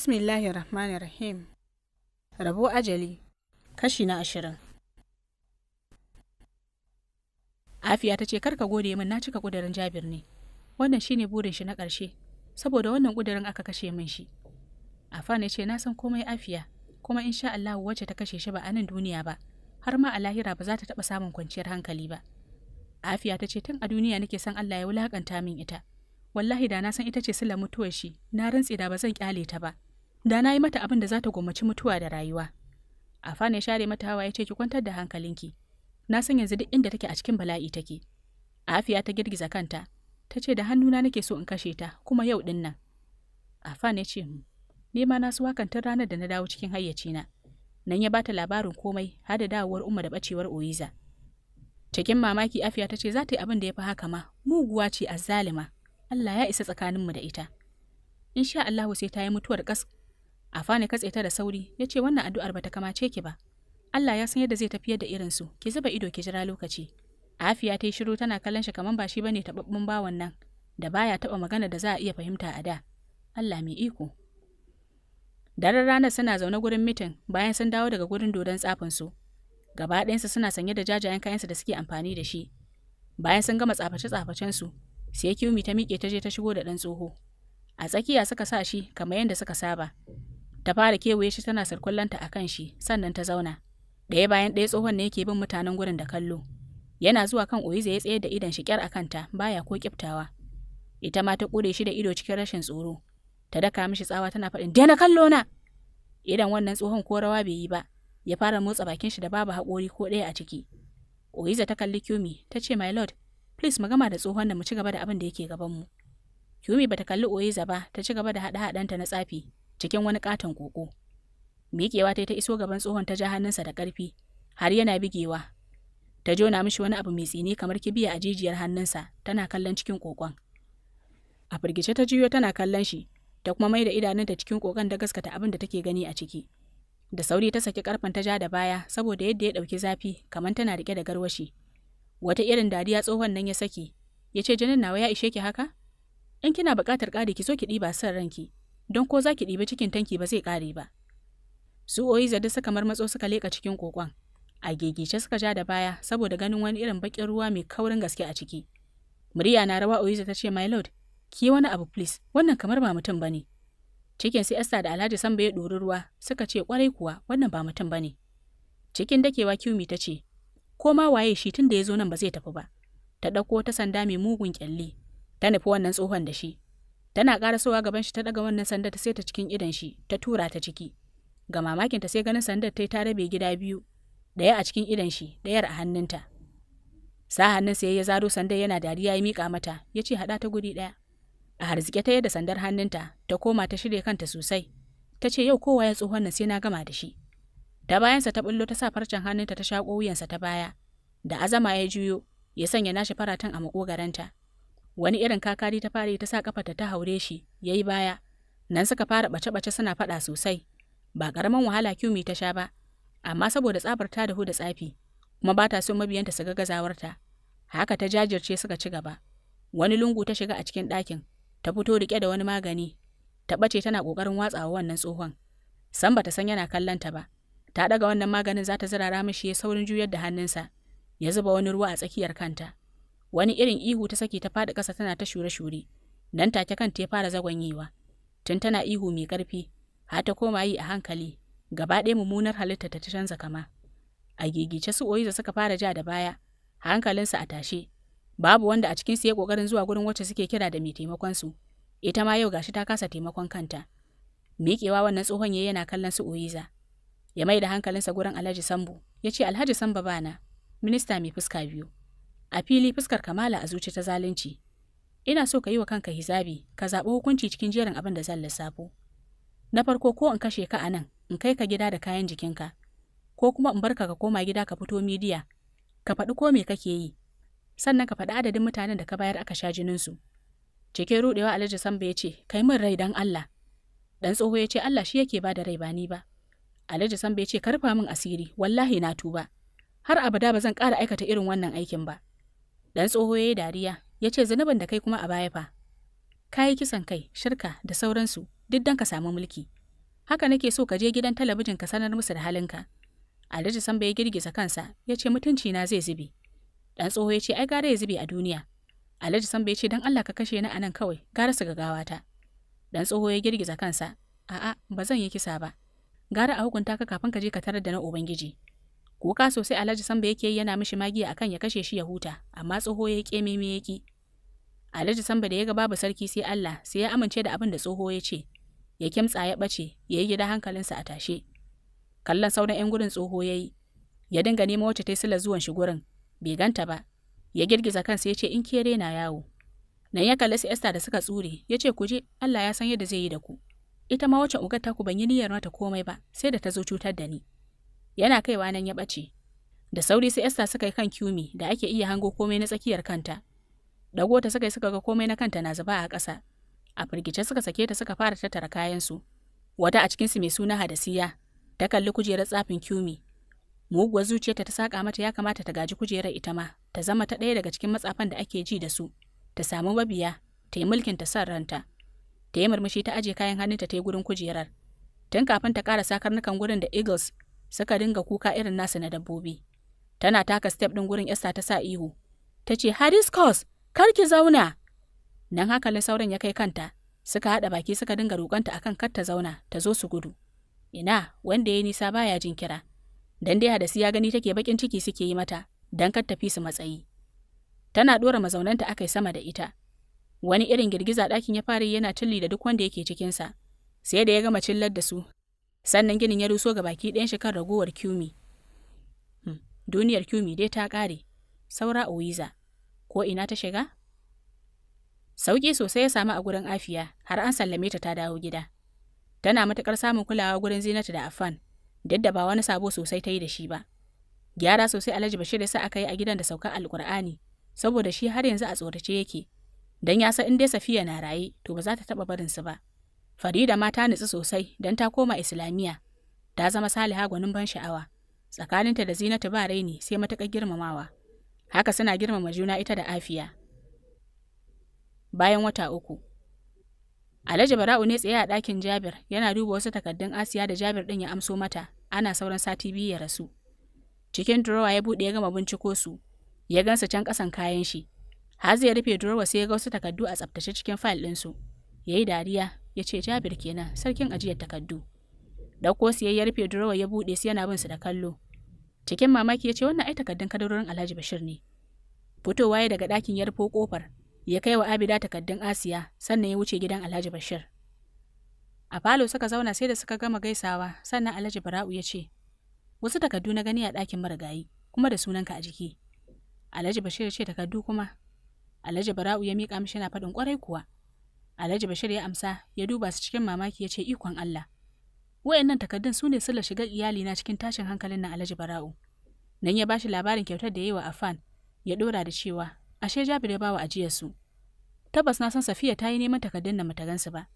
Bismillahir Rahmanir Rahim. Rabo ajali kashi na ashirin. Afiya ta ce karka gode min na cika kudirin Jabir ne. Wannan shi ne burin shi na ƙarshe saboda wannan kudirin aka kashe min shi. Afan ya ce na san komai Afiya kuma insha Allah wacce ta kashe shi ba a nan duniya ba har ma a lahira ba za ta taɓa samun kwanciyar hankali ba. Afiya ta ce tun a duniya nake san Allah ya wulakanta min ita. wallahi da na san ita ce sila mutuwar shi na rantse da ba zan kyale ta ba da na yi mata abin da za ta gammaci mutuwa da rayuwa afan ya share mata hawa ya ce ki kwantar da hankalinki na san yanzu duk inda take a cikin bala'i take afiya ta girgiza kanta ta ce da hannuna nake so in kashe ta kuma yau din nan afan ya ce hmm, ni ma na su wakantar ranar da na dawo cikin hayyacina nan ya bata labarin komai har da dawowar umma da bacewar oyiza cikin mamaki afiya ta ce za ta yi abin da ya fi haka ma muguwa ce azzalima Allah ya isa tsakaninmu da ita in sha Allahu sai ta yi mutuwar kas Afani katse ta da sauri ya ce wannan addu'ar bata kamace ki ba. Allah ya san yadda zai tafiyar da irinsu, ki zuba ido ki jira lokaci. Afiya ta yi shiru tana kallon shi kamar ba shi bane taɓaɓɓun bawan nan da baya taɓa magana da za a iya fahimta a da. Allah mai iko. Daren ranar suna zaune gurin mitin bayan sun dawo daga gurin dodon tsafin su. Gaba ɗayansu suna sanye da jajayen kayansu da suke amfani da shi. Bayan sun gama tsaface-tsafacen su, sai Kiwumi ta miƙe ta je ta shigo da ɗan tsoho. A tsakiya suka sa shi kamar yadda suka saba, ta fara kewaye shi tana sarkullanta a kan shi sannan ta zauna ɗaya bayan ɗaya tsohon ne yake bin mutanen gurin da kallo yana zuwa kan oyiza ya tsaye da idon shi kyar a kanta baya ko kiftawa ita ma ta ƙure shi da ido cikin rashin tsoro ta daka mishi tsawa tana faɗin daina kallo na idan wannan tsohon ko rawa bai yi ba ya fara motsa bakin shi da babu haƙori ko ɗaya a ciki oyiza ta kalli kyumi ta ce my lord please mu gama da tsohon nan mu ci gaba da abin da yake gaban mu kyumi bata kalli oyiza ba ta ci gaba da haɗa haɗanta na tsafi cikin wani katon koko. Miƙewa ta ta iso gaban tsohon ta ja hannunsa da ƙarfi, har yana bigewa. Ta jona mishi wani abu mai tsini kamar kibiya a jijiyar hannunsa, tana kallon cikin kokon. A firgice ta jiyo tana kallon shi, ta kuma mai da idanunta cikin kokon da gaskata abin da take gani a ciki. Da sauri ta saki karfin ta ja da baya saboda yadda ya ɗauki zafi kamar tana riƙe da garwashi. Wata irin dariya tsohon nan ya saki, ya ce jinin nawa ya ishe ki haka? In kina buƙatar ƙari ki so ki ɗiba son ranki, don ko za ki ɗibi cikin tanki ba zai ƙare ba. Su Oiza duk suka matso suka leƙa cikin kokon. A gegece suka ja da baya saboda ganin wani irin baƙin ruwa mai kaurin gaske a ciki. Murya na rawa Oiza ta ce, My lord, ki wani abu please, wannan kamar ba mutum ba ne. Cikin su Esther da Alhaji Samba ya ɗori ruwa suka ce, kwarai kuwa, wannan ba mutum ba ne. Cikin dakewa Kiumi ta ce, Ko ma waye shi tun da ya zo nan ba zai tafi ba. Ta ɗauko ta sanda mai mugun ƙyalli, ta nufi wannan tsohon da shi. tana karasowa gaban shi ta daga wannan sandar ta sai ta cikin idan shi ta tura ta ciki ga mamakinta sai ganin sandar ta yi ta rabe gida biyu ɗaya a cikin idan shi ɗayar a hannunta sa hannun sai ya zaro sandar yana dariya ya miƙa mata ya ce haɗa ta guri ɗaya a harzike ta yadda sandar hannunta ta koma ta shirya kanta sosai ta ce yau kowa ya tsohon nan sai na gama da shi ta bayansa ta bullo ta sa farcen hannunta ta shaƙo wuyansa ta baya da azama ya juyo ya sanya nashi faratan a makogaranta wani irin kakari ta fara ta sa kafarta ta haure shi ya yi baya nan suka fara bace-bace suna faɗa sosai ba ƙaramin wahala kyumi ta sha ba amma saboda tsabar ta dahu da tsafi kuma ba ta son mabiyanta su ga gazawarta haka ta jajirce suka ci gaba wani lungu ta shiga a cikin ɗakin ta fito riƙe da wani magani ta ɓace tana ƙoƙarin watsawa wannan tsohon san bata san yana ta ba ta ɗaga wannan maganin za ta zirara mishi ya saurin juyar da hannunsa ya zuba wani ruwa a tsakiyar kanta wani irin ihu ta saki ta faɗi ƙasa tana ta shure-shure nan take kanta ya fara zagonyewa. tun tana ihu mai ƙarfi har ta koma yi a hankali gaba ɗaya mummunar halitta ta canza kama a gigice su oyiza suka fara ja da baya hankalinsu a tashe babu wanda a cikinsu ya ƙoƙarin zuwa gurin wacce suke kira da mai taimakon su ita ma yau gashi ta kasa taimakon kanta miƙewa wannan tsohon yayi yana kallon su oyiza ya mai da hankalinsa gurin alhaji sambo ya ce alhaji Sambu bana minista mai fuska biyu A fili fuskar Kamala a zuci ta zalunci. Ina so ka yi wa kanka hisabi, ka zaɓi hukunci cikin jerin abin da zan lissafo. Na farko ko in kashe ka a nan, in kai ka gida da kayan jikinka, ko kuma in bar ka ka koma gida ka fito midiya, ka faɗi ko me kake yi, sannan ka faɗi adadin mutanen da ka bayar aka sha jininsu. Cike ruɗewa Alhaji Samba ya ce, kai min rai dan Allah. Dan tsoho ya ce Allah shi yake ba da rai ba ni ba. Alhaji Samba ya ce karfa min asiri, wallahi na tuba. Har abada ba zan ƙara aikata irin wannan aikin ba. Dan tsoho ya yi dariya, ya ce zunubin da kai kuma a baya fa. Ka yi kisan kai, shirka da sauransu, duk don ka samu mulki. Haka nake so ka je gidan talabijin ka sanar musu da halinka. Alhaji sanba ya girgiza kansa, ya ce mutunci na zai zube. Dan tsoho ya ce ai gara ya zube a duniya. Alhaji sanba ya ce dan Allah ka kashe ni a nan kawai, gara su ga ta Dan tsoho ya girgiza kansa, a'a ba zan yi kisa ba. Gara a hukunta ka kafin ka je ka tarar da na Ubangiji. kuka sosai alhaji samba yake yi yana mishi magiya akan ya kashe shi ya huta amma tsoho ya kememe ya ƙi. alhaji samba da ya ga babu sarki sai Allah sai ya amince da abin da tsoho ya ce ya kimtsa ya bace ya yi gida hankalinsa a tashe kallon sauran yan gurin tsoho ya yi ya dinga neman wacce ta yi sila zuwan shi gurin bai ganta ba ya girgiza kansa ya ce in ke na yawo nan ya kalli esta da suka tsure ya ce ku je Allah ya san yadda zai yi da ku ita ma wacce ugar ta ku ban yi niyyar mata komai ba sai da ta zo cutar da ni yana kaiwa nan ya bace. da sauri sai Esther suka yi kan kyumi da ake iya hango komai na tsakiyar kanta dago ta suka yi suka ga komai na kanta na zuba a ƙasa a firgice suka sake ta suka fara tattara kayansu wata a cikinsu mai suna hadasiya ta kalli kujerar tsafin kyumi muguwar zuciyarta ta saka mata ya kamata ta gaji kujerar ita ma ta zama ta ɗaya daga cikin matsafan da ake ji da su ta samu mabiya ta yi mulkin ta san ranta ta yi murmushi ta aje kayan hannunta ta yi gurin kujerar tun kafin ta ƙara sakar gurin da eagles suka dinga kuka irin nasu na dabbobi. Tana taka step ɗin gurin Esther ta sa ihu. Ta ce, Hadiscus, kar ki zauna. Nan hankali sauran ya kai kanta, suka haɗa baki suka dinga roƙonta akan kar ta zauna, ta zo su gudu. Ina, wanda ya nisa baya jin kira. Dan dai hadasi ya gani take bakin ciki suke yi mata, dan kar ta su matsayi. Tana ɗora mazaunanta akai sama da ita. Wani irin girgiza ɗakin ya fara yana cilli da duk wanda yake cikinsa. Sai da ya gama cillar da su, sannan ginin ya ruso ga baki ɗayan shi kan ragowar kyumi hmm, duniyar kyumi dai ta ƙare saura owiza ko ina ta shiga sauƙi sosai ya samu a gurin afiya har an sallame ta ta dawo gida tana matuƙar samun kulawa gurin zinata da afan duk da ba wani sabo sosai ta yi da shi ba gyara sosai alhaji bashir sa aka yi a gidan da sauka Alƙur'ani, saboda shi har yanzu a tsorace yake don ya san in dai safiya na raye to ba za ta taɓa barinsu ba Farida ma ta nutsu sosai don ta koma Islamiyya. Ta zama Saliha gwanin ban sha'awa. Tsakaninta da Zinatu ba raini sai matuƙar girmamawa. Haka suna girmama juna ita da Afiya. Bayan wata uku. Alhaji Bara'u ne tsaye a ɗakin Jabir yana duba wasu takardun Asiya da Jabir ɗin ya amso mata ana sauran sati biyu ya rasu. Cikin durowa ya buɗe ya gama binciko su. Ya gansa can ƙasan kayan shi. Har zai rufe durowa sai ya ga wasu takardu a tsaftace cikin fayil ɗinsu. Ya yi dariya ya ce jabir kenan sarkin ajiyar takardu ɗauko siyayyar rufe ya buɗe su yana bin su da kallo cikin mamaki ya ce wannan ai takardun kadarorin alhaji bashir ne fitowa ya daga ɗakin ya rufo ƙofar ya kai wa abida takardun asiya sannan ya wuce gidan alhaji bashir a falo suka zauna sai da suka gama gaisawa sannan alhaji bara'u ya ce wasu takardu na gani a ɗakin marigayi kuma da sunanka a jiki alhaji bashir ya ce takardu kuma alhaji bara'u ya mika mishi na faɗin kwarai kuwa Alhaji Bashir ya amsa ya duba su cikin mamaki ya ce ikon Allah. Wayannan takaddun su ne shiga shiga iyalina cikin tashin hankalin na Alhaji Bara'u. Nan ya bashi labarin kyautar da yayiwa wa Afan ya dora da cewa ashe Jabir ya bawa ajiyar su. Tabbas na san Safiya ta yi neman takardun na mata su ba.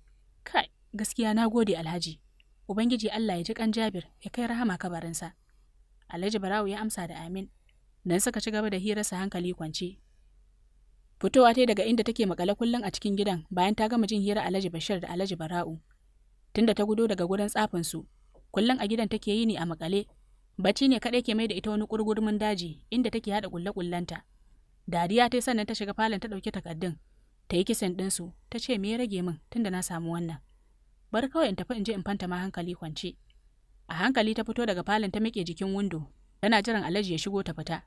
Kai, gaskiya na gode Alhaji. Ubangiji Allah ya ji kan Jabir ya kai rahama kabarinsa. Alhaji Bara'u ya amsa da amin. Nan suka ci gaba da sa hankali kwance Fitowa ta daga inda take makale kullum a cikin gidan bayan ta gama jin hira Alhaji Bashir da Alhaji Bara'u. Tunda ta gudo daga gurin tsafin su, kullum a gidan take yi ne a makale. Bacci ne kaɗai ke mai da ita wani kurgurmin daji inda take haɗa kulle-kullenta. Dariya ta sannan ta shiga falon ta ɗauki takardun. Ta yi kisan ɗinsu, ta ce me ya rage min tunda na samu wannan. Bar kawai in tafi in je in fanta ma hankali kwance. A hankali ta fito daga falon ta miƙe jikin windo, tana jiran Alhaji ya shigo ta fita.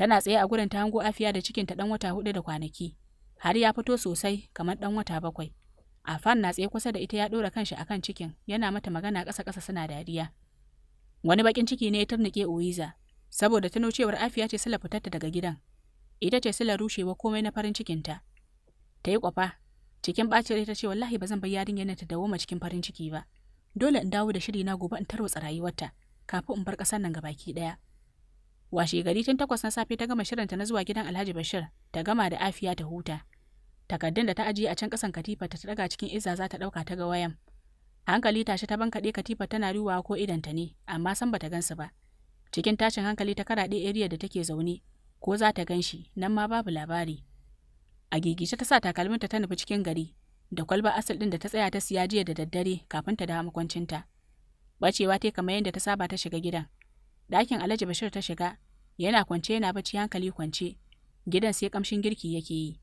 Tana tsaye a gurin ta hango afiya da cikinta dan wata hudu da kwanaki. Har ya fito sosai kamar ɗan wata bakwai. Afan na tsaye kusa da ita ya ɗora kanshi akan cikin yana mata magana ƙasa-ƙasa suna dariya. Wani bakin ciki ne ya tarnike Oyiza saboda tuno cewar Afiya ce sila fitarta daga gidan. Ita ce sila rushewa komai na farin cikinta. Ta yi kwafa cikin ɓacin rai ta ce wallahi ba zan bar yarinyar ta dawo ma cikin farin ciki ba. Dole in dawo da shiri na gobe in tarwatsa rayuwarta kafin in bar ƙasar nan gabaki ɗaya. Washe gari tun takwas na safe ta gama shirinta na zuwa gidan Alhaji Bashir, ta gama da afiya ta huta. Takardun da ta ajiye a can kasan katifa ta daga cikin izza za ta ɗauka ta ga wayan. Hankali tashi ta bankaɗe katifa tana riwa ko ta ne, amma san bata gansu ba. Cikin tashin hankali ta karaɗe area da take zaune, ko za ta gan shi, nan ma babu labari. A gigice ta sa takalminta ta nufi cikin gari, da kwalba asal ɗin da ta tsaya ta siya jiya da daddare kafin ta dawo makwancinta. Bacewa ta kamar yadda ta saba ta shiga gidan. Ɗakin Alhaji Bashir ta shiga, yana kwance yana bacci hankali kwance, gidan sai kamshin girki yake yi.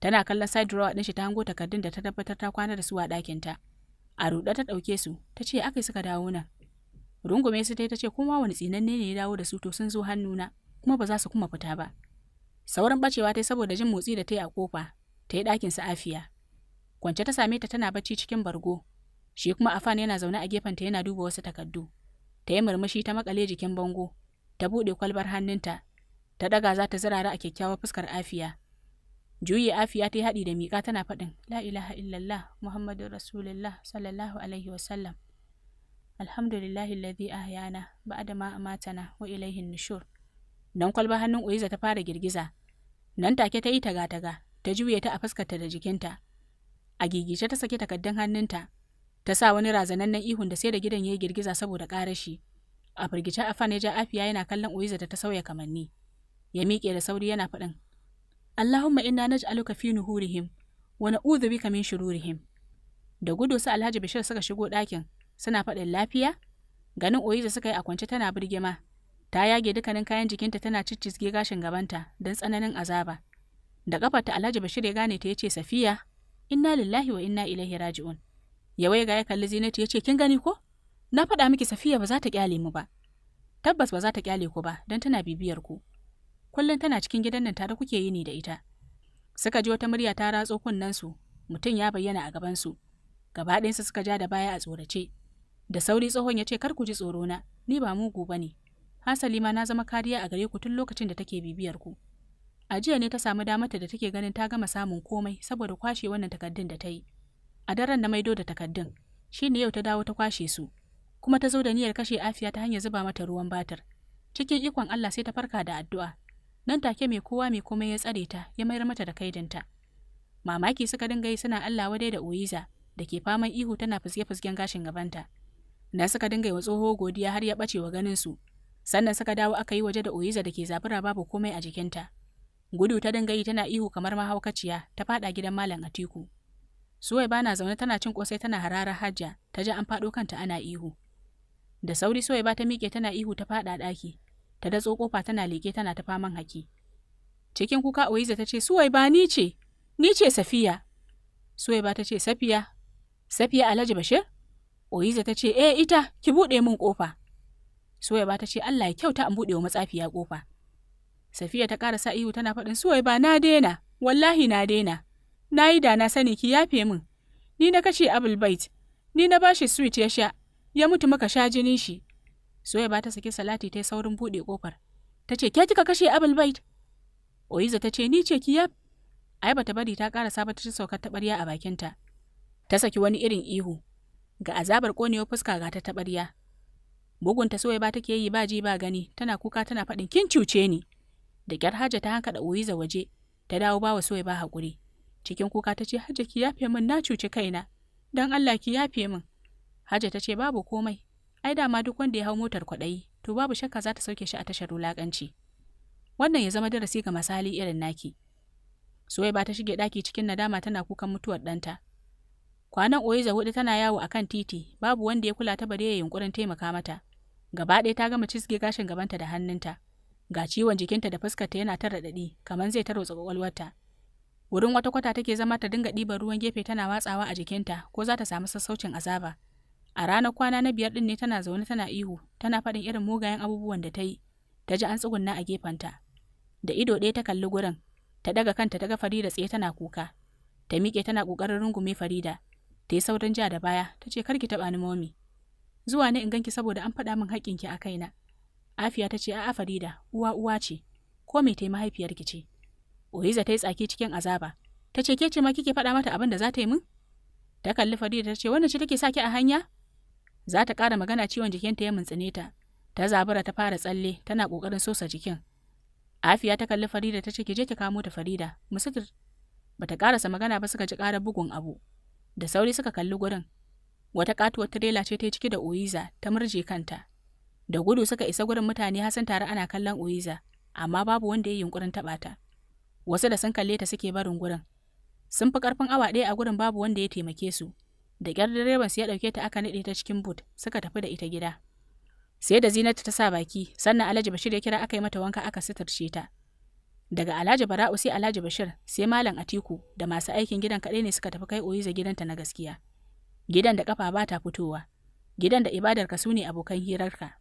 Tana kallon side drawer ɗin shi ta hango takardun da ta tabbatar ta kwana da su a ta A ruɗa ta ɗauke su, ta ce aka suka dawo nan. Rungume su ta ce kuma wani tsinanne ne ya dawo da su to sun zo hannuna, kuma ba za su kuma fita ba. Sauran bacewa ta saboda jin motsi da ta yi a kofa, ta yi ɗakin sa afiya. Kwance ta same ta tana bacci cikin bargo, shi kuma Afan yana zaune a gefenta yana duba wasu takardu. ta yi murmushi ta makale jikin bango ta buɗe kwalbar hannunta ta ɗaga za ta zirara a kyakkyawar fuskar afiya juyi afiya ta yi haɗi da miƙa tana faɗin la ilaha illallah Muhammadu rasulullah sallallahu alaihi wasallam alhamdulillahi alladhi ahyana ba'da ma amatana wa ilaihin nushur dan kwalba hannun uyiza ta fara girgiza nan take ta yi taga-taga ta juye ta a fuskarta da jikinta a gigice ta saki takaddun hannunta ta sa wani razanannen ihun da sai da gidan ya yi girgiza saboda ƙarashi a firgice a ya ja afiya yana kallon oyiza da ta sauya kamanni ya miƙe da sauri yana faɗin Allahumma inna naj'aluka fi nuhurihim wa na'udhu bika min shururihim da gudu su Alhaji Bashir suka shigo ɗakin suna faɗin lafiya ganin oyiza suka yi a kwance tana birgima ta yage dukkanin kayan jikinta tana ciccizge gashin gabanta don tsananin azaba da kafarta Alhaji Bashir ya gane ta ya ce Safiya inna lillahi wa inna ilaihi raji'un ya ga ya kalli Zinatu ya ce kin gani ko? Na faɗa miki Safiya ba za ta kyale mu ba. Tabbas ba za ta kyale ku ba don tana bibiyar ku. Kullum tana cikin gidan nan tare kuke yini da ita. Suka ji wata murya ta ratso su mutum ya bayyana a gabansu. Gaba ɗayansu suka ja da baya a tsorace. Da sauri tsohon ya ce kar ku ji tsoro na, ni ba mugu ba ne. Hasali ma na zama kariya a gare ku tun lokacin da take bibiyar ku. A jiya ne ta samu damata da take ganin ta gama samun komai saboda kwashe wannan takardun da ta yi. a daren na maido da takaddun shi ne yau ta dawo ta kwashe su kuma ta zo da niyyar kashe afiya ta hanyar zuba mata ruwan batar. cikin ikon Allah sai ta farka da addu'a nan take mai kowa mai komai ya tsare ta ya mayar mata da kaidinta mamaki suka dinga yi suna Allah wadai da oyiza da ke faman ihu tana fuske-fusken gashin gabanta na suka dinga yi wa tsoho godiya har ya bace wa ganin su sannan suka dawo aka yi waje da oyiza da ke zabura babu komai a jikinta gudu ta dinga yi tana ihu kamar mahaukaciya ta fada gidan malam Atiku Suwai na zaune tana cin kosai tana harara Hajja, ta ji an faɗo kanta ana ihu. Da sauri Suwai ba ta miƙe tana ihu ta faɗa ɗaki, ta datso ƙofa tana leke tana ta faman haki. Cikin kuka Oyiza ta ce, Suwai ba ni ce, ni ce Safiya. Suwai ba ta ce, Safiya, Safiya Alhaji Bashir? Oyiza ta ce, Eh, ita, ki buɗe min ƙofa. Suwai ba ta ce, Allah ya kyauta an buɗe wa matsafiya ƙofa. Safiya ta ƙara sa ihu tana faɗin, Suwai ba na daina, wallahi na daina. Na yi da na sani ki yafe min. Ni na kashe Abul Bait. Ni na bashi sweet ya sha. Ya mutu muka sha jinin shi. Soya ba ta saki Salati ta yi saurin buɗe kofar. Ta ce ke kika kashe Abul Bait? Oyiza ta ce ni ce ki yaf. Ai ta bari ta ƙara sabatar saukar taɓarya a bakinta. Ta saki wani irin ihu. Ga azabar ƙonewar fuska ga ta taɓarya. Bugunta soya ba take yi ba ji ba gani, tana kuka tana faɗin kin cuce ni. Da ƙyar Hajja ta hankaɗa Oyiza waje, ta dawo ba wa soya ba haƙuri. Cikin kuka ta ce Hajja ki yafe min na cuci kaina. Dan Allah ki yafe min. Hajja ta ce babu komai. Ai da ma duk wanda ya hau motar kwaɗayi to babu shakka za ta sauke shi a tashar wulaƙanci. Wannan ya zama darasi ga masali irin naki. Suwaiba ta shige ɗaki cikin nadama tana kukan mutuwar ɗanta. Kwanan Oyiza hudu tana yawo akan titi, babu wanda ya kula ta bare ya yunkurin taimaka mata. Gaba ɗaya ta gama cisge gashin gabanta da hannunta. Ga ciwon jikinta da fuskarta yana ta raɗaɗi, kamar zai tarotsa ƙwaƙwalwarta. wurin wata kwata take zama ta dinga ɗiban ruwan gefe tana watsawa a jikinta ko za ta samu sassaucin azaba a ranar kwana na biyar ɗin ne tana zaune tana ihu tana faɗin irin mugayen abubuwan da ta yi ta ji an tsugunna a gefenta da ido ɗaya ta kalli gurin ta ɗaga kanta ta ga farida tsaye tana kuka ta miƙe tana ƙoƙarin rungume farida ta yi saurin ja da baya ta ce karki taɓa ni momi zuwa ne in ganki saboda an faɗa min haƙƙinki a kaina afiya ta ce a'a farida uwa uwa ce ko me tai mahaifiyarki ce Oyiza ta yi tsaki cikin azaba. Ta ce ke ce ma kike faɗa mata abin da za ta yi min? Ta kalli Farida ta ce wannan ce take saki a hanya? Za ta ƙara magana ciwon jikinta ya mintsine ta. Ta zabura ta fara tsalle tana ƙoƙarin sosa jikin. Afiya ta kalli Farida ta ce ki je ki kamo ta Farida. Musitir bata karasa magana ba suka ji ƙara bugun abu. Da sauri suka kalli gurin. Wata katuwar tirela ce ta yi ciki da Oyiza ta murje kanta. Da gudu suka isa gurin mutane Hassan tare ana kallon Oyiza, amma babu wanda ya yi yunkurin taɓa ta. wasu da sun kalle ta suke barin gurin sun fi karfin awa ɗaya a gurin babu wanda ya taimake su da ƙyar direban su ya ɗauke ta aka naɗe ta cikin but suka tafi da ita gida sai da zinata ta sa baki sannan alhaji bashir ya kira aka yi mata wanka aka suturce ta daga alhaji bara'u sai alhaji bashir sai malam atiku da masu aikin gidan kaɗai ne suka tafi kai oyiza gidanta na gaskiya gidan da kafa bata fitowa gidan da ibadarka su ne abokan hirarka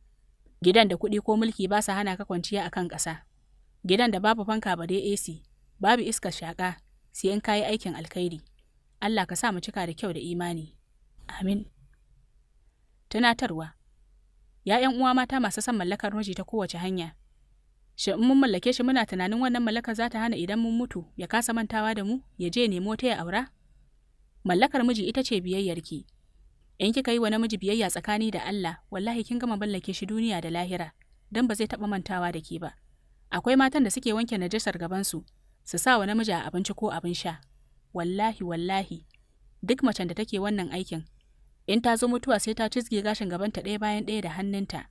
gidan da kuɗi ko mulki ba sa hana ka kwanciya akan ƙasa gidan da babu fanka ba dai ac babu iskar shaƙa sai in kayi aikin alkhairi Allah ka sa mu cika da kyau da imani amin tunatarwa ya ƴan uwa mata masu son mallakar miji ta kowace hanya shin in mun mallake shi muna tunanin wannan mallakar za ta hana idan mun mutu ya kasa mantawa da mu ya je nemo ta ya aura mallakar miji ita ce biyayyarki in kika yi wa namiji biyayya tsakani da Allah wallahi kin gama mallake shi duniya da lahira don ba zai taɓa mantawa da ke ba akwai matan da suke wanke najasar gabansu su sa wa namiji a abinci ko abin sha wallahi wallahi duk macen da take wannan aikin in ta zo mutuwa sai ta cizge gashin gabanta ɗaya bayan ɗaya da hannunta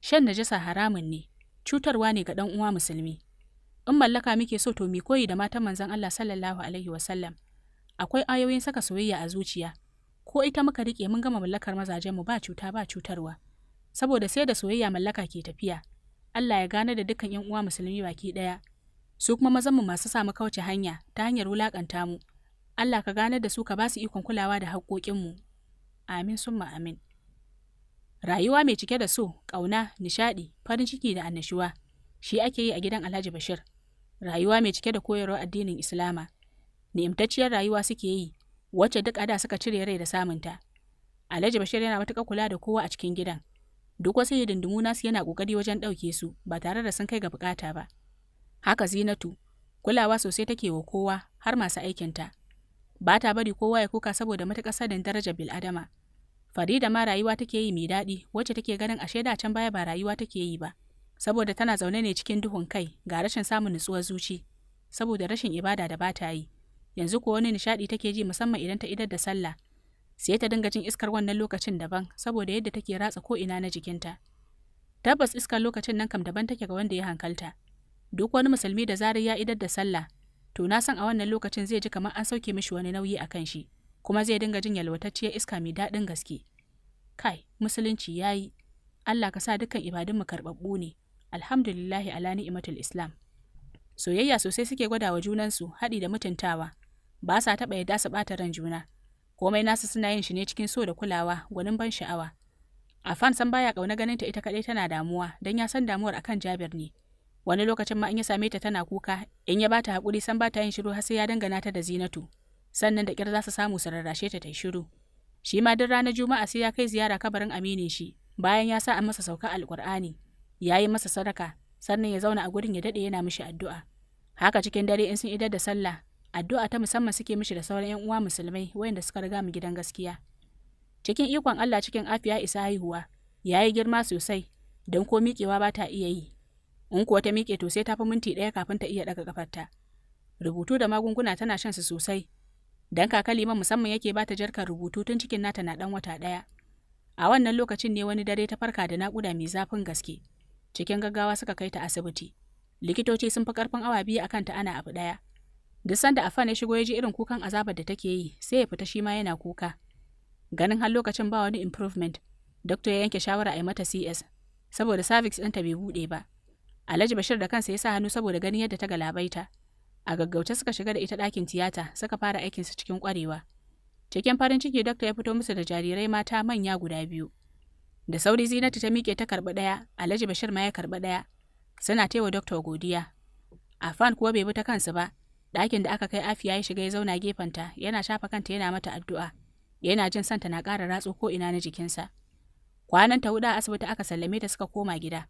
shan najasa haramun ne cutarwa ne ga ɗan uwa musulmi in mallaka muke so to mi koyi da matan manzon Allah sallallahu alaihi wasallam akwai ayoyin saka soyayya a zuciya ko ita muka rike mun gama mallakar mazajenmu ba cuta ba cutarwa saboda sai da soyayya mallaka ke tafiya Allah ya gane da dukkan 'yan uwa musulmi baki ɗaya su kuma mazanmu masu samu kauce hanya ta hanyar wulakanta mu Allah ka ganar da su ka ba su ikon kulawa da haƙoƙinmu amin summa amin rayuwa mai cike da so ƙauna nishaɗi farin ciki da annashuwa shi ake yi a gidan Alhaji Bashir rayuwa mai cike da koyarwar addinin Islama ni'imtacciyar rayuwa suke yi wacce duk ada suka cire rai da samunta Alhaji Bashir yana matuƙar kula da kowa a cikin gidan duk wasu yi dindimu nasu yana ƙoƙari wajen ɗauke su ba tare da sun kai ga buƙata ba. Haka Zinatu, kulawa sosai take wa kowa har masu aikinta. Ba ta bari kowa ya kuka saboda matuƙar daraja darajar adama. Farida ma rayuwa take yi mai daɗi wacce take ganin ashe da can baya ba rayuwa take yi ba. Saboda tana zaune ne cikin duhun kai ga rashin samun nutsuwar zuci. Saboda rashin ibada da ba ta yi. Yanzu ko wani nishaɗi take ji musamman idan ta idar da sallah. Sai ta dinga jin iskar wannan lokacin daban saboda yadda take ratsa ko ina na jikinta. Tabbas iskar lokacin nan kam daban take ga wanda ya hankalta. duk wani musulmi da zarar ya idar da sallah to na san a wannan lokacin zai ji kamar an sauke mishi wani nauyi a kan shi kuma zai dinga jin yalwatacciyar iska mai daɗin gaske kai musulunci yayi Allah ka sa dukkan ibadun mu karɓaɓɓu ne alhamdulillahi ala ni'matul islam soyayya sosai suke gwada wa junansu haɗi da mutuntawa ba sa taɓa yadda su ɓata ran juna komai nasu suna yin shi ne cikin so da kulawa gwanin ban sha'awa afan san baya ƙauna ganin ta ita kaɗai tana damuwa don ya san damuwar akan jabir ne wani lokacin ma in ya same ta tana kuka in ya bata hakuri san bata yin shiru har sai ya dangana ta da Zinatu sannan da kyar za su samu su rarrashe ta ta shiru shi ma duk ranar Juma'a sai ya kai ziyara kabarin aminin shi bayan ya sa a masa sauka alkur'ani ya yi masa sadaka sannan ya zauna a gurin ya dade yana mishi addu'a haka cikin dare in sun idar da sallah addu'a ta musamman suke mishi da sauran 'yan uwa musulmai wayanda suka riga mu gidan gaskiya cikin ikon Allah cikin afiya isa haihuwa yayi girma sosai don ko miƙewa ba ta iya yi in kuwa ta miƙe to sai ta fi minti ɗaya kafin ta iya ɗaga kafarta rubutu da magunguna tana shan su sosai dan kaka liman musamman yake ba ta jarkar rubutu tun cikin nata na ɗan wata ɗaya a wannan lokacin ne wani dare ta farka da naƙuda mai zafin gaske cikin gaggawa suka kai ta asibiti likitoci sun fi ƙarfin awa biyu a kanta ana abu ɗaya duk sanda afan ya shigo ya ji irin kukan azabar da take yi sai ya fita shi ma yana kuka ganin har lokacin ba wani improvement doctor ya yanke shawara a yi mata cs saboda cervix ɗinta bai buɗe ba Alhaji Bashir da kansa ya sa hannu saboda ganin yadda ta galabaita. A gaggauta suka shiga da ita ɗakin tiyata suka fara su cikin ƙwarewa. Cikin farin ciki dakta ya fito musu da jarirai mata manya guda biyu. Da sauri Zinatu ta miƙe ta karɓi ɗaya, Alhaji Bashir ma ya karɓi ɗaya. Suna taiwa dokta godiya. A fan kuwa bai bi ta kansu ba. Ɗakin da aka kai Afiya ya shiga ya zauna gefenta, yana shafa kanta yana mata addu'a. Yana jin santa na ƙara ratsu ko ina na jikinsa. Kwanan ta huɗu a asibiti aka sallame ta suka koma gida.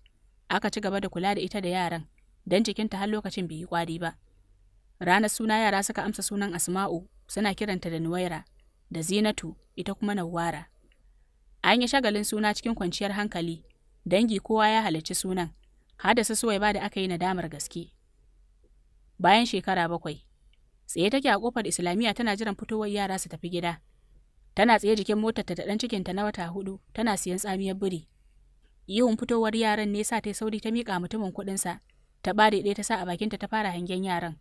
Aka ci gaba da kula da ita da yaran, don jikinta har lokacin bai yi kwari ba. Ranar suna yara suka amsa sunan Asma'u suna kiranta da Nuwaira, da Zinatu ita kuma Nawara. An yi shagalin suna cikin kwanciyar hankali, dangi kowa ya halarci sunan, har da su Suwaiba da aka yi nadamar gaske. Bayan shekara bakwai, tsaye take a kofar Islamiyya tana jiran fitowar yara su tafi gida. Tana tsaye jikin motarta ta da ɗan cikinta na wata hudu, tana siyan tsamiyar biri. Yawan fitowar yaran ne sa ta yi sauri ta miƙa mutumin kuɗinsa, ta ɓare ɗaya ta sa a bakinta ta fara hangen yaran.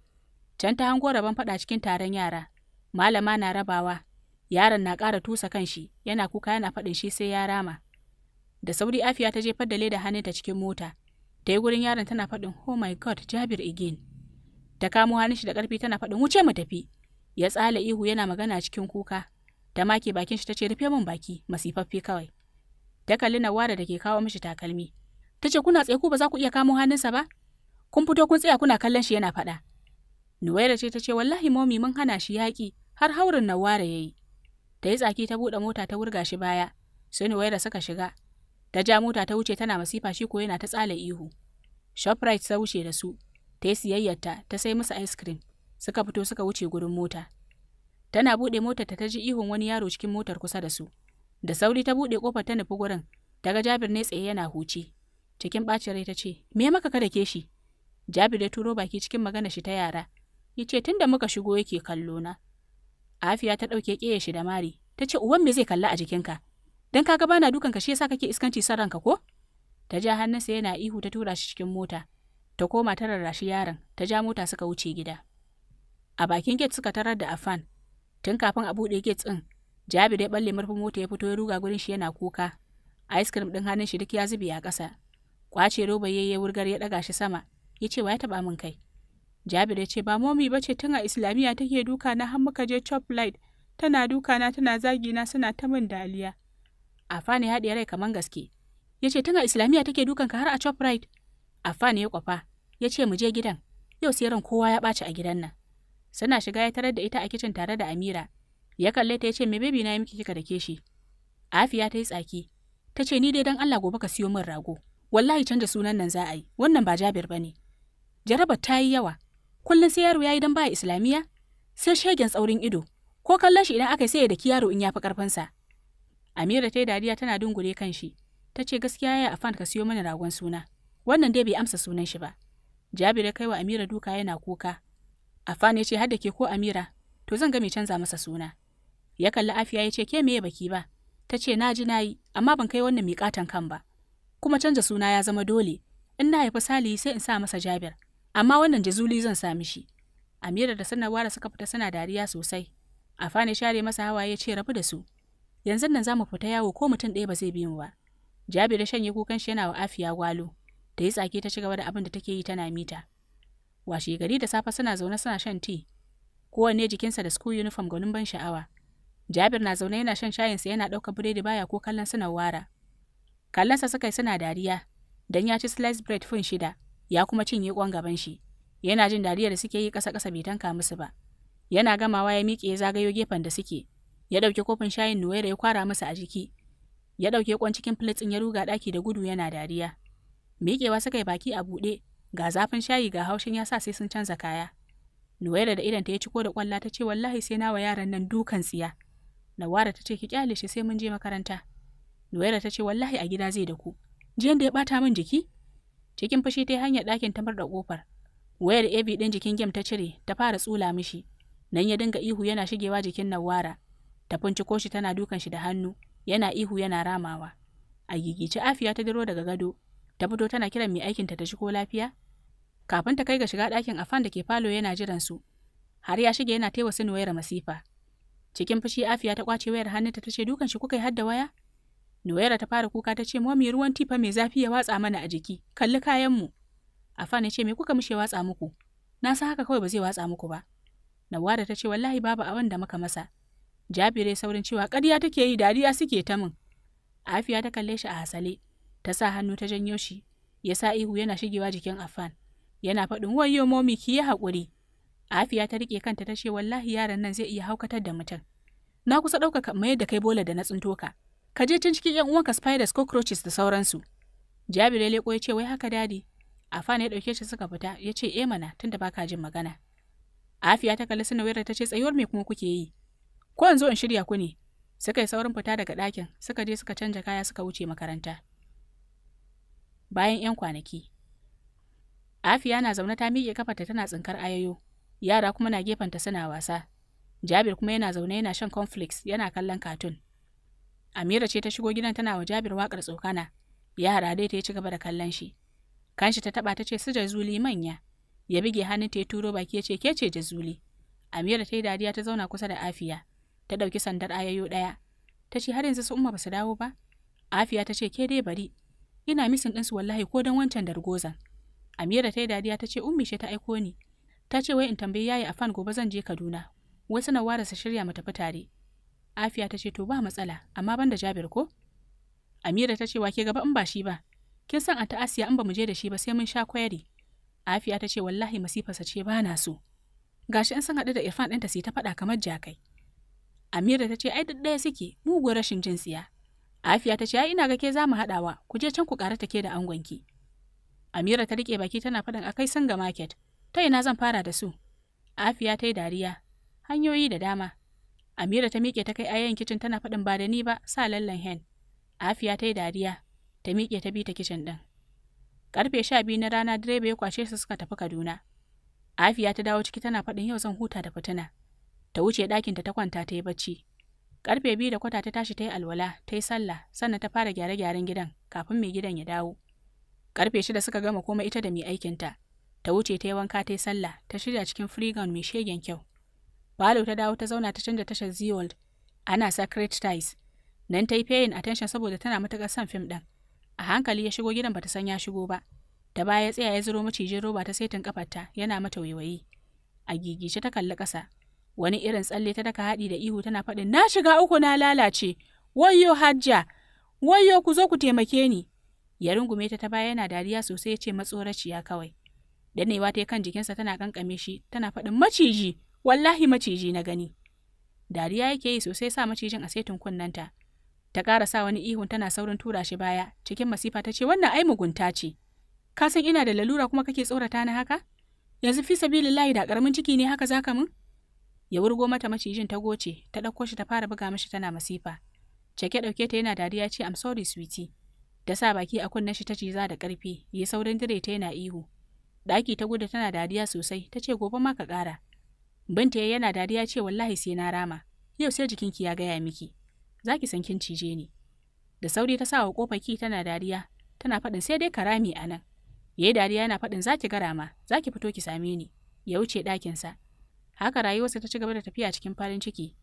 Can ta hango rabon faɗa cikin taron yara, malama na rabawa, yaron na ƙara tusa kan shi yana kuka yana faɗin shi sai ya rama. Da sauri Afiya ta jefar da leda hannunta cikin mota, ta yi gurin yaron tana faɗin oh my god Jabir again. Ta kamo hannun shi da ƙarfi tana faɗin wuce mu tafi. Ya tsala ihu yana magana cikin kuka, ta make bakin shi ta ce rufe min baki masifaffe kawai. ya kalli Nawara da ke kawo mishi takalmi. Ta ce kuna tsaye ku ba za ku iya kamo hannunsa ba? Kun fito kun tsaya kuna kallon shi yana faɗa. Nuwaira ce ta ce wallahi momi mun hana shi yaƙi har haurin Nawara ya yi. Ta yi tsaki ta buɗe mota ta wurga shi baya, sai Nuwaira suka shiga. Ta ja mota ta wuce tana masifa shi ko yana ta tsala ihu. Shoprite ta wuce da su, ta yi siyayyarta ta sai musu ice cream, suka fito suka wuce gurin mota. Tana buɗe motar ta ji ihun wani yaro cikin motar kusa da su. da sauri ta buɗe kofar ta nufi gurin ta ga jabir ne tsaye yana huce cikin ɓacin rai ta ce me maka kada ke shi jabir ya turo baki cikin magana shi ta yara ya ce tun da muka shigo yake kallo na afiya ta ɗauke ƙeya shi da mari ta ce Uwan me zai kalla a jikinka dan kaga bana dukan ka shi yasa kake iskanci san ranka ko ta ja hannunsa yana ihu ta tura shi cikin mota ta koma ta rarrashi yaron ta ja mota suka wuce gida a bakin gate suka tarar da afan tun kafin a buɗe gate ɗin Jabir ya balle murfin mota ya fito ya ruga gurin shi yana kuka. Ice cream din hannun shi duk ya zube a ƙasa. Kwace roba ya wurgar ya daga shi sama. Ya ce wa taba min kai. Jabir ya ce ba momi bace tun a Islamiyya take duka na har muka je chop light. Tana duka na tana zagi na suna ta min daliya. Afani ya rai kaman gaske. Ya ce tun a Islamiyya take dukan ka har a chop light. Afani ya kwafa. Ya ce mu je gidan. Yau sai ran kowa ya baci a gidan nan. Suna shiga ya tarar da ita a kicin tare da Amira. Ya kalle ta ya ce me baby na ya miki kika dake shi. Afiya ta yi tsaki. Ta ce ni dai dan Allah gobe ka siyo min rago. Wallahi canja sunan nan za a yi. Wannan ba Jabir bane. Jarabar ta yi yawa. Kullum sai yaro yayi dan baya Islamiya sai shegen tsaurin ido. Ko kallon shi idan aka sai ya daki yaro in ya fi karfinsa. Amira ta yi dariya tana dungure kan shi. Ta ce gaskiya ya afan ka siyo mana ragon suna. Wannan dai bai amsa sunan shi ba. Jabir ya kai wa Amira duka yana kuka. Afan ya ce har da ke ko Amira to zan ga mai canza masa suna. ya kalli afiya ya ce ke meye baki ba ta ce na ji nayi amma ban kai wannan miƙatan kan ba kuma canza suna ya zama dole in na haifi sali sai in sa masa jabir amma wannan jazuli zan sa mishi amira da sanarwa da suka fita suna dariya sosai afa share masa hawa ya ce rabu da su yanzu nan za mu fita yawo ko mutum ɗaya ba zai bi mu ba jabir ya shanye kukan shi yana wa afiya gwalo ta yi tsaki ta ci gaba da abin da take yi tana mita washe gari da safe suna zaune suna shan ti. kowanne jikinsa da school uniform gwanin ban sha'awa Jabir na zaune yana shan shayinsa yana ɗaukar biredi baya ko kallon suna wara. Kallon sa suka yi suna dariya, Dan ya ci slice bread fun shida, ya kuma cinye kwan gaban shi. Yana jin dariyar da suke yi ƙasa-ƙasa bai tanka musu ba. Yana gamawa ya miƙe ya zagayo gefen da suke, ya ɗauki kofin shayin Nuwaira ya kwara masa a jiki. Ya ɗauke kwan cikin plate ɗin ya ruga ɗaki da gudu yana dariya. Miƙewa suka yi baki a buɗe, ga zafin shayi ga haushin ya sa sai sun canza kaya. Nuwaira da idan ta ya ciko da kwalla ta ce wallahi sai wa yaran nan dukan tsiya. Nawara ta ce ki kyale shi sai mun je makaranta. Nuwaira ta ce wallahi a gida zai da ku. Jiyan da ya bata min jiki? Cikin fushi ta yi hanyar ɗakin ta da kofar. Wayar AB ɗin jikin gem ta cire ta fara tsula mishi. Nan ya dinga ihu yana shigewa jikin Nawara. Ta finciko shi tana dukan shi da hannu, yana ihu yana ramawa. A gigice Afiya ta diro daga gado, ta fito tana kiran mai aikinta ta shigo lafiya. Kafin ta kai ga shiga ɗakin afan da ke falo yana jiran su, har ya shige yana taiwa su Nuwaira masifa. Cikin fushi Afiya ta kwace wayar hannunta ta ce dukan shi kuka yi hadda waya? noyara ta fara kuka ta ce momi ruwan tifa mai zafi ya watsa mana a jiki, kalli kayanmu. Afan ya ce me kuka mushe watsa muku? Na san haka kawai ba zai watsa muku ba. Nawada ta ce wallahi babu abin da muka masa. Jabire saurin cewa ƙarya take yi dariya suke ta min. Afiya ta kalle shi a hasale, ta sa hannu ta janyo shi, ya sa ihu yana shigewa jikin Afan. Yana faɗin wayo momi ki yi haƙuri, Afiya ta rike kanta ta ce wallahi yaran nan zai iya haukatar da mutum. Na kusa ɗaukaka mayar da kai bola da na tsinto ka. Ka je can cikin 'yan uwanka spiders cockroaches da sauransu. Jabir ya leko ya ce wai haka dadi. Afan ya ɗauke shi suka fita ya ce eh mana tunda baka jin magana. Afiya ta kalli Sinawira ta ce tsayuwar me kuma kuke yi? Ko yanzu in shirya ku ne? Suka yi saurin fita daga ɗakin, suka je suka canja kaya suka wuce makaranta. Bayan 'yan kwanaki, Afiya na zaune ta miƙe kafarta tana tsinkar ayoyo. yara kuma na gefenta suna wasa jabir kuma yana zaune yana shan conflicts yana kallon katun amira ce ta shigo gidan tana wa jabir wakar tsokana yara dai ta ci gaba da kallon shi kanshi ta taba ta ce su jazuli manya ya bige hannun ta ya turo baki ya ce ke ce jazuli amira ta yi dariya ta zauna kusa da afiya ta ɗauki sandar ayayo ɗaya ta ce har yanzu su umma ba su dawo ba afiya ta ce ke dai bari ina misin ɗinsu wallahi ko don wancan dargozan amira ta yi dariya ta ce ummi ce ta aiko ni ta ce wai in tambayi yayi afan gobe zan je Kaduna wai sanarwa da sa shirya mata tafi tare Afiya ta ce to ba matsala amma ban da Jabir ko Amira ta ce wa ke gaba in ba shi ba kin san a Asiya in ba mu je da shi ba sai mun sha kwari Afiya ta ce wallahi masifarsa ce ba na so gashi in san hadu da Irfan ɗinta sai ta faɗa kamar jakai Amira ta ce ai duk ɗaya suke mugun rashin jin tsiya Afiya ta ce ai ina ga ke zamu mu haɗawa ku je can ku ƙara take da angonki Amira ta rike baki tana faɗin akai singa market ta ina zan fara da su afiya ta yi dariya hanyoyi da dama amira ta miƙe ta kai ayan kicin tana faɗin ba da ni ba sa lallan hen afiya ta yi dariya ta miƙe ta bi ta kicin ɗin ƙarfe sha biyu na rana direba ya kwashe su suka tafi kaduna afiya ta dawo ciki tana faɗin yau zan huta da fitina ta wuce ɗakinta ta kwanta ta yi bacci ƙarfe biyu da kwata ta tashi ta yi alwala ta yi sallah sannan ta fara gyare-gyaren gidan kafin mai gidan ya dawo ƙarfe shida suka gama komai ita da mai aikinta ta wuce ta yi wanka ta yi sallah ta shirya cikin freegon mai shegen kyau Balo ta dawo ta zauna ta canza tashar Zeewald ana Sacred Ties nan ta yi payin attention saboda tana matuƙar son fim ɗin a hankali ya shigo gidan bata san ya shigo ba da baya ya tsaya ya zuro macijin roba ta saitin kafarta yana mata waiwayi a gigice ta kalli ƙasa wani irin tsalle ta daka haɗi da ihu tana faɗin na shiga uku na lalace wayyo hajja wayo ku zo ku taimake ni ya rungume ta ta baya yana dariya sosai ya ce matsoraciya kawai Danewa ta kan jikinsa tana kankame shi, tana faɗin maciji, wallahi maciji na gani. Dariya yake yi sosai sa macijin a setin kunnanta. Ta ƙara sa wani ihun tana saurin tura shi baya, cikin masifa ta ce wannan ai mugunta ce. Ka san ina da lalura kuma kake tsorata na haka? Yanzu fi sabilillahi da ƙaramin ciki ne haka zaka mun? Ya wurgo mata macijin ta goce, ta ɗauko shi ta fara buga mishi tana masifa. Cake ɗauke ta yana dariya ce am sorry sweetie. Da sa baki a kunnen shi ta ciza da ƙarfi, yi saurin dire ta yana ihu. Ɗaki ta gudu tana dariya sosai, ta ce gobe ma ka ƙara. Binta ya yana dariya ce wallahi sai na rama, yau sai jikinki ya gaya miki, za ki san kin cije ni. Da sauri ta sawa wa ƙofar ki tana dariya, tana faɗin sai dai ka rami a nan. Ya yi dariya yana faɗin za ki gara ma, za ki fito ki same ni, ya wuce ɗakinsa. Haka rayuwarsa ta ci gaba da tafiya cikin farin ciki.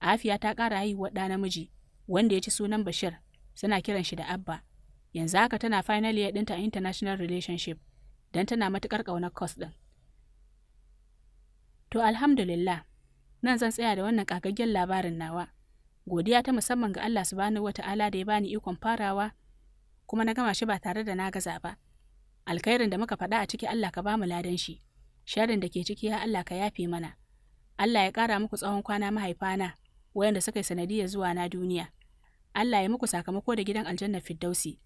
Afiya ta ƙara haihuwar ɗa namiji, wanda ya ci sunan Bashir, suna kiran shi da Abba. Yanzu haka tana final year ɗinta International Relationship. don tana matuƙar ƙaunar kos ɗin. To alhamdulillah, nan zan tsaya da wannan ƙagaggen labarin nawa. Godiya ta musamman ga Allah subhanahu wa ta'ala da ya bani ikon farawa kuma na gama shi ba tare da na gaza ba. Alkhairin da muka faɗa a ciki Allah ka bamu ladan shi, sharin da ke ciki ya Allah ka yafe mana. Allah ya ƙara muku tsawon kwana mahaifana, wayanda suka yi sanadiyar zuwa na duniya. Allah ya muku sakamako da gidan aljanna Firdausi.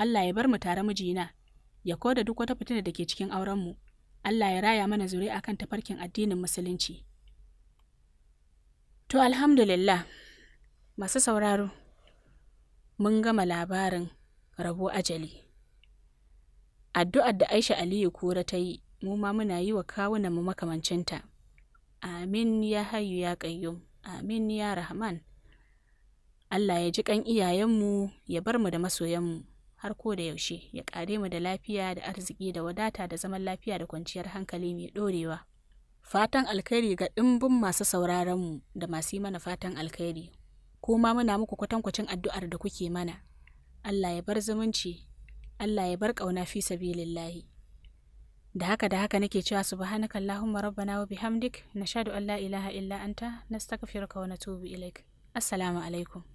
Allah ya bar mu tare mijina, ya da duk wata fitina da ke cikin aurenmu. Allah ya raya mana zuri akan tafarkin addinin musulunci. To alhamdulillah, masu sauraro, mun gama labarin rabo ajali. Addu'ar da Aisha Aliyu kura ta yi, mu ma muna yi wa kawunanmu makamancinta. Amin ya hayu ya ƙayyum, amin ya Rahman. Allah ya ji kan iyayenmu ya bar mu da masoyanmu. har ko da yaushe ya kare mu da lafiya da arziki da wadata da zaman lafiya da kwanciyar hankali mai dorewa. Fatan alkhairi ga ɗimbin masu mu da masu yi mana fatan alkhairi. Kuma muna muku kwatankwacin addu'ar da kuke mana. Allah ya bar zumunci, Allah ya bar ƙauna fi sabilillahi. Da haka da haka nake cewa subhanaka Allahumma rabbana wa bihamdik nashhadu an la ilaha illa anta nastaghfiruka wa natubu ilaik. Assalamu alaikum.